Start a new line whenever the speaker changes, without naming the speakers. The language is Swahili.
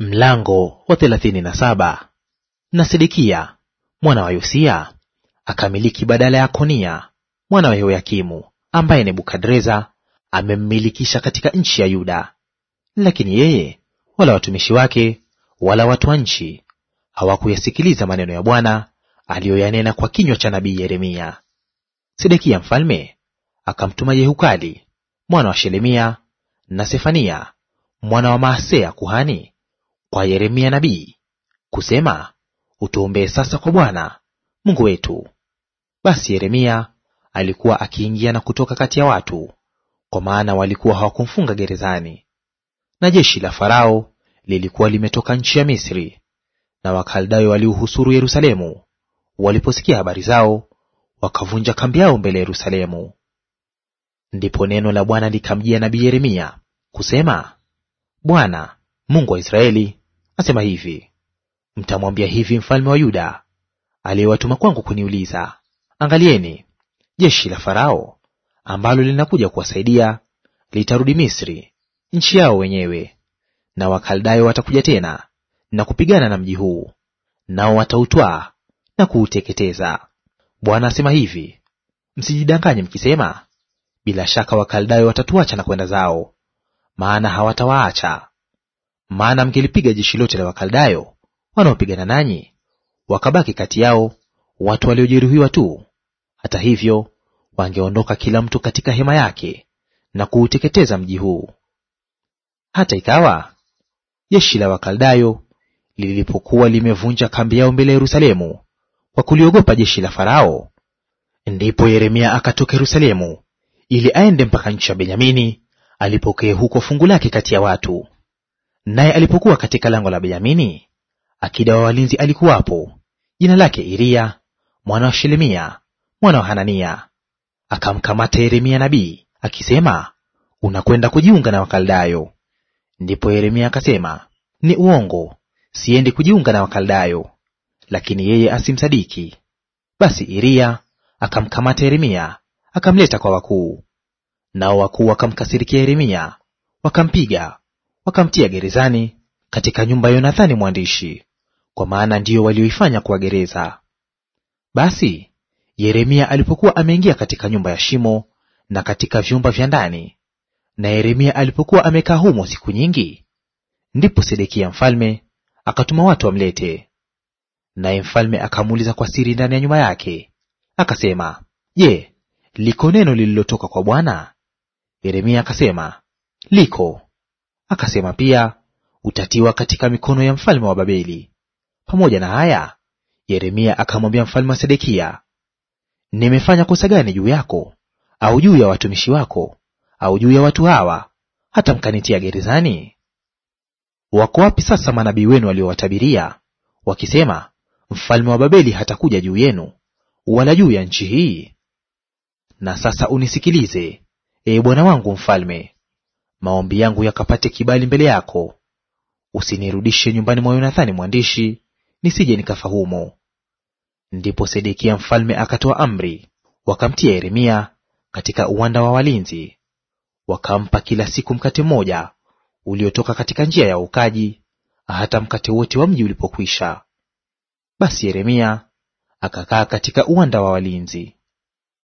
Mlango wa thelathini na saba. Na Sedekia mwana wa Yosia akamiliki badala ya Konia mwana wa Yehoyakimu ambaye Nebukadreza amemmilikisha katika nchi ya Yuda. Lakini yeye wala watumishi wake wala watu wa nchi hawakuyasikiliza maneno ya Bwana aliyoyanena kwa kinywa cha nabii Yeremia. Sedekia mfalme akamtuma Yehukali mwana wa Shelemia na Sefania mwana wa Maaseya kuhani kwa Yeremia nabii kusema, utuombee sasa kwa Bwana Mungu wetu. Basi Yeremia alikuwa akiingia na kutoka kati ya watu, kwa maana walikuwa hawakumfunga gerezani. Na jeshi la Farao lilikuwa limetoka nchi ya Misri, na Wakaldayo waliuhusuru Yerusalemu. Waliposikia habari zao, wakavunja kambi yao mbele ya Yerusalemu. Ndipo neno la Bwana likamjia nabii Yeremia kusema, Bwana Mungu wa Israeli asema hivi, mtamwambia hivi mfalme wa Yuda aliyewatuma kwangu kuniuliza, angalieni, jeshi la Farao ambalo linakuja kuwasaidia litarudi Misri, nchi yao wenyewe, na Wakaldayo watakuja tena na kupigana na mji huu, nao watautwaa na kuuteketeza. Bwana asema hivi, msijidanganye mkisema, bila shaka Wakaldayo watatuacha na kwenda zao, maana hawatawaacha maana mkilipiga jeshi lote la Wakaldayo wanaopigana nanyi, wakabaki kati yao watu waliojeruhiwa tu, hata hivyo wangeondoka kila mtu katika hema yake na kuuteketeza mji huu. Hata ikawa jeshi la Wakaldayo lilipokuwa limevunja kambi yao mbele ya Yerusalemu kwa kuliogopa jeshi la Farao, ndipo Yeremia akatoka Yerusalemu ili aende mpaka nchi ya Benyamini, alipokee huko fungu lake kati ya watu. Naye alipokuwa katika lango la Benyamini, akida wa walinzi alikuwapo, jina lake Iriya mwana wa Shelemia mwana wa Hanania. Akamkamata Yeremia nabii akisema, unakwenda kujiunga na Wakaldayo. Ndipo Yeremia akasema, ni uongo, siendi kujiunga na Wakaldayo. Lakini yeye asimsadiki. Basi Iriya akamkamata Yeremia akamleta kwa wakuu, nao wakuu wakamkasirikia Yeremia wakampiga wakamtia gerezani katika nyumba ya Yonathani mwandishi, kwa maana ndiyo walioifanya kuwa gereza. Basi Yeremia alipokuwa ameingia katika nyumba ya shimo na katika vyumba vya ndani, na Yeremia alipokuwa amekaa humo siku nyingi, ndipo Sedekia mfalme akatuma watu wamlete. Naye mfalme akamuuliza kwa siri ndani ya nyumba yake, akasema, Je, liko neno lililotoka kwa Bwana? Yeremia akasema, liko. Akasema pia, utatiwa katika mikono ya mfalme wa Babeli. Pamoja na haya, Yeremia akamwambia mfalme wa Sedekia, nimefanya kosa gani juu yako au juu ya watumishi wako au juu ya watu hawa, hata mkanitia gerezani? Wako wapi sasa manabii wenu waliowatabiria wakisema, mfalme wa Babeli hatakuja juu yenu wala juu ya nchi hii? Na sasa unisikilize, ee bwana wangu mfalme, maombi yangu yakapate kibali mbele yako. Usinirudishe nyumbani mwa Yonathani mwandishi, nisije nikafa humo. Ndipo Sedekia mfalme akatoa amri, wakamtia Yeremia katika uwanda wa walinzi, wakampa kila siku mkate mmoja uliotoka katika njia ya ukaji, hata mkate wote wa mji ulipokwisha. Basi Yeremia akakaa katika uwanda wa walinzi.